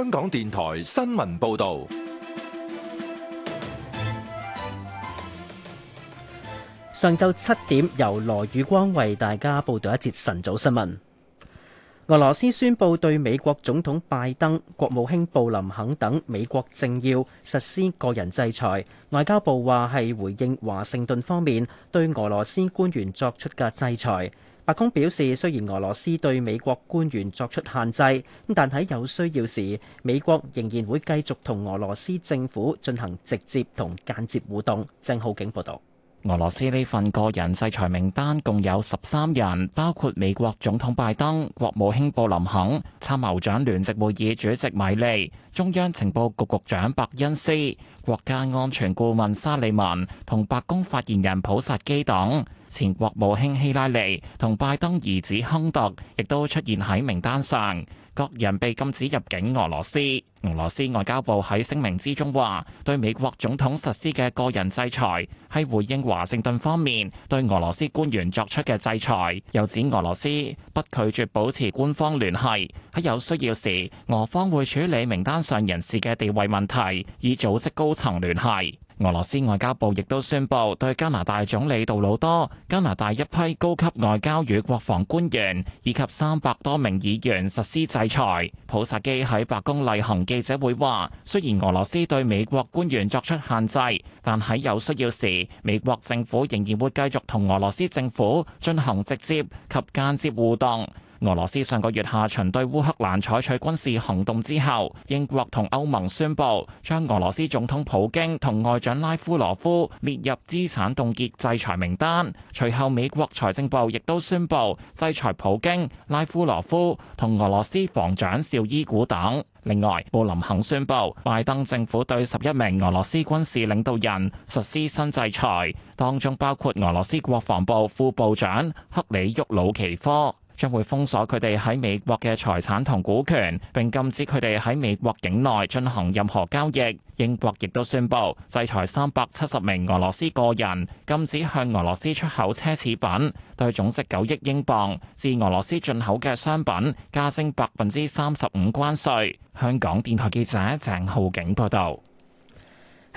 香港電台新聞報道，上晝七點由羅宇光為大家報道一節晨早新聞。俄羅斯宣布對美國總統拜登、國務卿布林肯等美國政要實施個人制裁。外交部話係回應華盛頓方面對俄羅斯官員作出嘅制裁。白宮表示，雖然俄羅斯對美國官員作出限制，但喺有需要時，美國仍然會繼續同俄羅斯政府進行直接同間接互動。鄭浩景報道，俄羅斯呢份個人制裁名單共有十三人，包括美國總統拜登、國務卿布林肯、參謀長聯席會議主席米利、中央情報局局長伯恩斯、國家安全顧問沙利文同白宮發言人普薩基等。前國務卿希拉里同拜登兒子亨特亦都出現喺名單上，各人被禁止入境俄羅斯。俄羅斯外交部喺聲明之中話，對美國總統實施嘅個人制裁，喺回應華盛頓方面對俄羅斯官員作出嘅制裁，又指俄羅斯不拒絕保持官方聯繫，喺有需要時，俄方會處理名單上人士嘅地位問題，以組織高層聯繫。俄羅斯外交部亦都宣佈對加拿大總理杜魯多、加拿大一批高級外交與國防官員以及三百多名議員實施制裁。普薩基喺白宮例行記者會話：雖然俄羅斯對美國官員作出限制，但喺有需要時，美國政府仍然會繼續同俄羅斯政府進行直接及間接互動。俄羅斯上個月下旬對烏克蘭採取軍事行動之後，英國同歐盟宣布將俄羅斯總統普京同外長拉夫羅夫列入資產凍結制裁名單。隨後，美國財政部亦都宣布制裁普京、拉夫羅夫同俄羅斯防長紹伊古等。另外，布林肯宣布拜登政府對十一名俄羅斯軍事領導人實施新制裁，當中包括俄羅斯國防部副部長克里沃魯奇科。將會封鎖佢哋喺美國嘅財產同股權，並禁止佢哋喺美國境內進行任何交易。英國亦都宣佈制裁三百七十名俄羅斯個人，禁止向俄羅斯出口奢侈品，對總值九億英鎊至俄羅斯進口嘅商品加徵百分之三十五關稅。香港電台記者鄭浩景報道。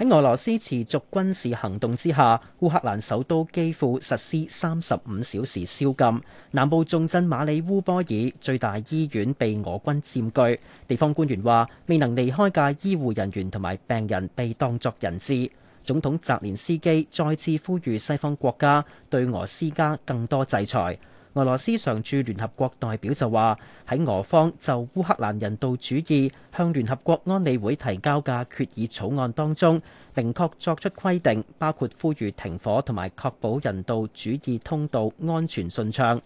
喺俄羅斯持續軍事行動之下，烏克蘭首都基輔實施三十五小時宵禁。南部重鎮馬里烏波爾最大醫院被俄軍佔據，地方官員話未能離開嘅醫護人員同埋病人被當作人質。總統澤連斯基再次呼籲西方國家對俄施加更多制裁。俄羅斯常駐聯合國代表就話：喺俄方就烏克蘭人道主義向聯合國安理會提交嘅決議草案當中，明確作出規定，包括呼籲停火同埋確保人道主義通道安全順暢。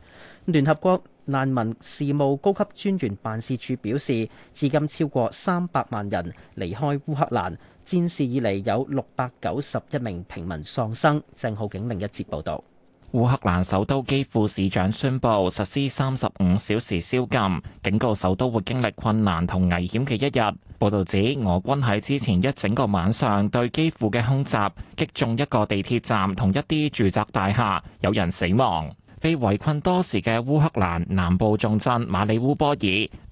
聯合國難民事務高級專員辦事處表示，至今超過三百萬人離開烏克蘭，戰事以嚟有六百九十一名平民喪生。正浩景另一節報導。烏克蘭首都基輔市長宣布實施三十五小時宵禁，警告首都會經歷困難同危險嘅一日。報道指，俄軍喺之前一整個晚上對基輔嘅空襲，擊中一個地鐵站同一啲住宅大廈，有人死亡。被圍困多時嘅烏克蘭南部重鎮馬里烏波爾，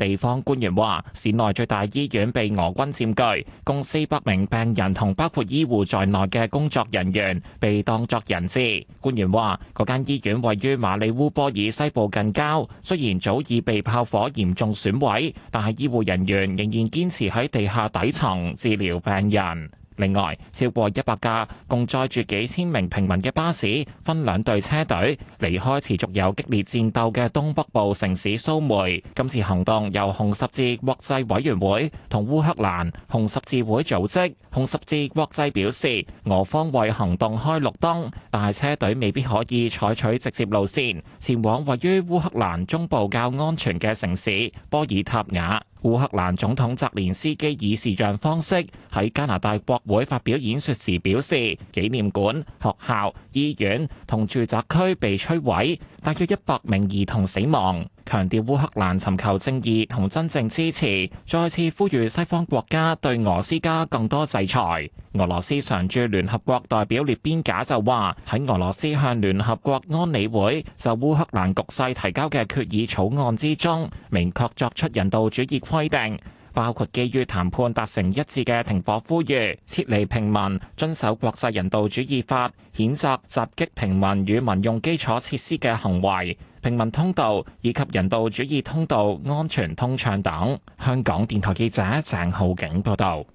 地方官員話，市內最大醫院被俄軍佔據，共四百名病人同包括醫護在內嘅工作人員被當作人質。官員話，嗰間醫院位於馬里烏波爾西部近郊，雖然早已被炮火嚴重損毀，但係醫護人員仍然堅持喺地下底層治療病人。另外，超過一百架共載住幾千名平民嘅巴士，分兩隊車隊離開持續有激烈戰鬥嘅東北部城市蘇梅。今次行動由紅十字國際委員會同烏克蘭紅十字會組織。紅十字國際表示，俄方為行動開綠燈，但係車隊未必可以採取直接路線前往位於烏克蘭中部較安全嘅城市波爾塔瓦。烏克蘭總統澤連斯基以視像方式喺加拿大國會發表演說時表示，紀念館、學校、醫院同住宅區被摧毀，大約一百名兒童死亡。強調烏克蘭尋求正義同真正支持，再次呼籲西方國家對俄斯加更多制裁。俄羅斯常駐聯合國代表列邊架就話：喺俄羅斯向聯合國安理會就烏克蘭局勢提交嘅決議草案之中，明確作出人道主義規定。包括基於談判達成一致嘅停火呼籲、撤離平民、遵守國際人道主義法、譴責襲擊平民與民用基礎設施嘅行為、平民通道以及人道主義通道安全通暢等。香港電台記者鄭浩景報道。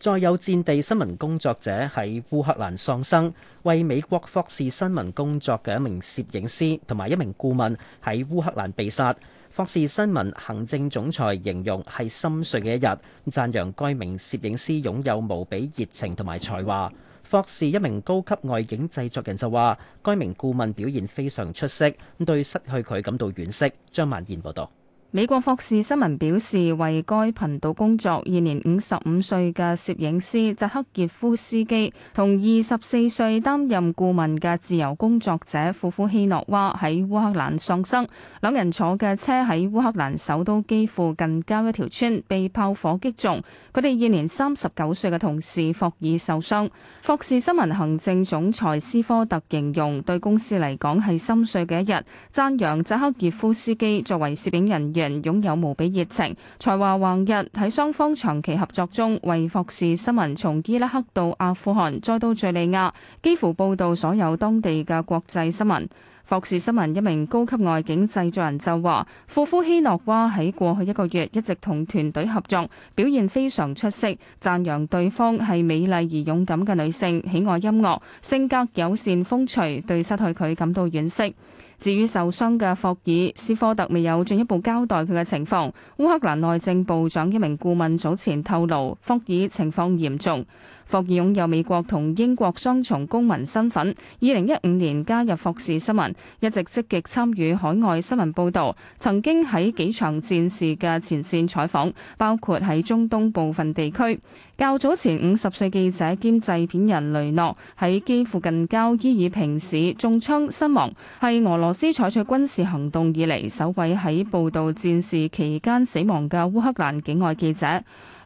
再有戰地新聞工作者喺烏克蘭喪生，為美國霍士新聞工作嘅一名攝影師同埋一名顧問喺烏克蘭被殺。霍士新聞行政總裁形容係心碎嘅一日，讚揚該名攝影師擁有無比熱情同埋才華。霍士一名高級外景製作人就話，該名顧問表現非常出色，咁對失去佢感到惋惜。張曼燕報導。美國霍士新聞表示，為該頻道工作現年五十五歲嘅攝影師扎克杰夫斯基同二十四歲擔任顧問嘅自由工作者庫夫希諾娃喺烏克蘭喪生。兩人坐嘅車喺烏克蘭首都基輔近郊一條村被炮火擊中，佢哋現年三十九歲嘅同事霍爾受傷，霍士新聞行政總裁斯科特形容，對公司嚟講，係心碎嘅一日，讚揚扎克杰夫斯基作為攝影人。人擁有無比熱情，才華橫溢。喺雙方長期合作中，為霍士新聞從伊拉克到阿富汗，再到敍利亞，幾乎報導所有當地嘅國際新聞。霍士新聞一名高級外景製作人就話，庫夫希諾娃喺過去一個月一直同團隊合作，表現非常出色，讚揚對方係美麗而勇敢嘅女性，喜愛音樂，性格友善風趣，對失去佢感到惋惜。至於受傷嘅霍爾，斯科特未有進一步交代佢嘅情況。烏克蘭內政部長一名顧問早前透露，霍爾情況嚴重。霍爾擁有美國同英國雙重公民身份，二零一五年加入霍士新聞，一直積極參與海外新聞報導，曾經喺幾場戰事嘅前線採訪，包括喺中東部分地區。較早前，五十歲記者兼製片人雷諾喺基輔近郊伊爾平市中槍身亡，係俄羅斯採取軍事行動以嚟首位喺報道戰事期間死亡嘅烏克蘭境外記者。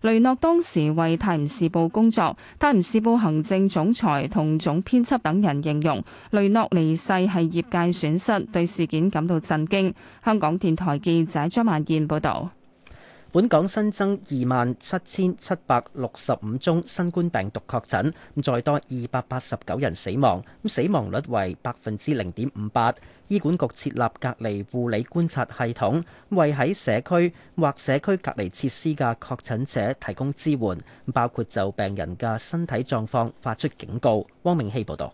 雷諾當時為泰晤士報工作，泰晤士報行政總裁同總編輯等人形容雷諾離世係業界損失，對事件感到震驚。香港電台記者張曼燕報道。本港新增二萬七千七百六十五宗新冠病毒確診，再多二百八十九人死亡，死亡率為百分之零點五八。醫管局設立隔離護理觀察系統，為喺社區或社區隔離設施嘅確診者提供支援，包括就病人嘅身體狀況發出警告。汪明希報道。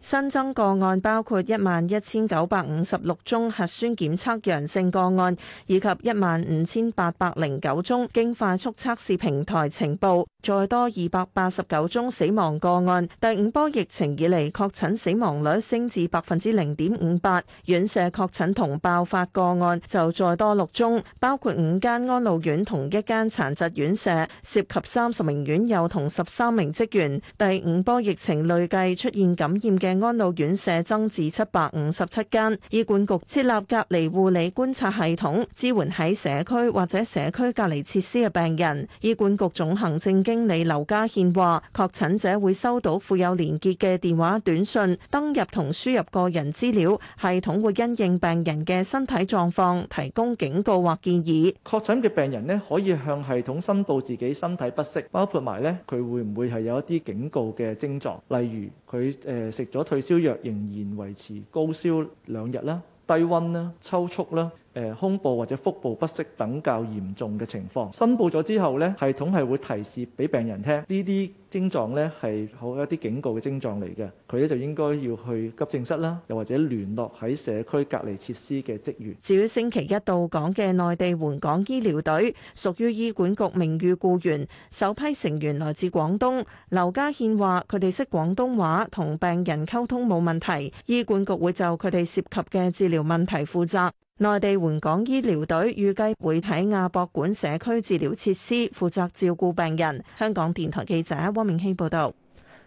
新增個案包括一萬一千九百五十六宗核酸檢測陽性個案，以及一萬五千八百零九宗經快速測試平台呈報，再多二百八十九宗死亡個案。第五波疫情以嚟，確診死亡率升至百分之零點五八。院舍確診同爆發個案就再多六宗，包括五間安老院同一間殘疾院舍，涉及三十名院友同十三名職員。第五波疫情累計出現感染。嘅安老院舍增至七百五十七間，醫管局設立隔離護理觀察系統，支援喺社區或者社區隔離設施嘅病人。醫管局總行政經理劉家憲話：確診者會收到附有連結嘅電話短信，登入同輸入個人資料，系統會因應病人嘅身體狀況提供警告或建議。確診嘅病人呢，可以向系統申報自己身體不適，包括埋咧佢會唔會係有一啲警告嘅症狀，例如佢誒、呃咗退燒藥仍然維持高燒兩日啦，低溫啦，抽搐啦。誒，胸部或者腹部不適等較嚴重嘅情況，申報咗之後咧，系統係會提示俾病人聽呢啲症狀呢，係好一啲警告嘅症狀嚟嘅，佢呢就應該要去急症室啦，又或者聯絡喺社區隔離設施嘅職員。至於星期一到港嘅內地援港醫療隊，屬於醫管局名譽僱員，首批成員來自廣東，劉家憲話，佢哋識廣東話，同病人溝通冇問題，醫管局會就佢哋涉及嘅治療問題負責。內地援港醫療隊預計會喺亞博館社區治療設施，負責照顧病人。香港電台記者汪明希報道。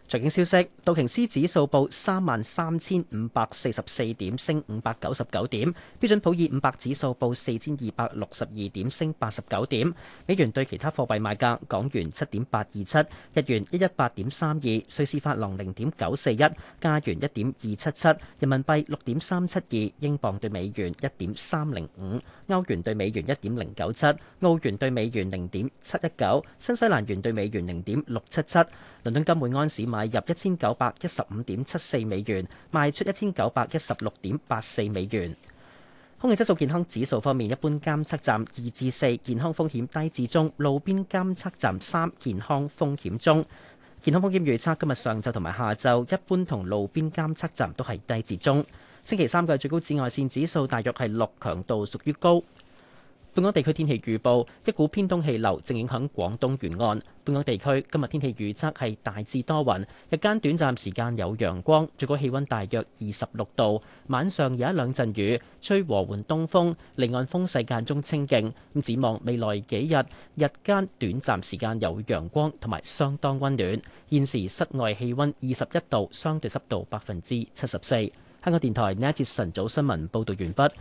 財經消息：道瓊斯指數報三萬三千五百四十四點升五百九十九點，標準普爾五百指數報四千二百六十二點升八十九點，美元兌其他貨幣買價：港元七點八二七，日元一一八點三二，瑞士法郎零點九四一，加元一點二七七，人民幣六點三七二，英鎊對美元一點三零五，歐元對美元一點零九七，澳元對美元零點七一九，新西蘭元對美元零點六七七。倫敦金每安士買。買入一千九百一十五點七四美元，賣出一千九百一十六點八四美元。空氣質素健康指數方面，一般監測站二至四，健康風險低至中；路邊監測站三，健康風險中。健康風險預測今日上晝同埋下晝，一般同路邊監測站都係低至中。星期三嘅最高紫外線指數大約係六，強度屬於高。本港地區天氣預報，一股偏東氣流正影響廣東沿岸。本港地區今日天氣預測係大致多雲，日間短暫時間有陽光，最高氣温大約二十六度。晚上有一兩陣雨，吹和緩東風，離岸風勢間中清勁，咁展望未來幾日，日間短暫時間有陽光同埋相當温暖。現時室外氣温二十一度，相對濕度百分之七十四。香港電台呢一節晨早新聞報道完畢。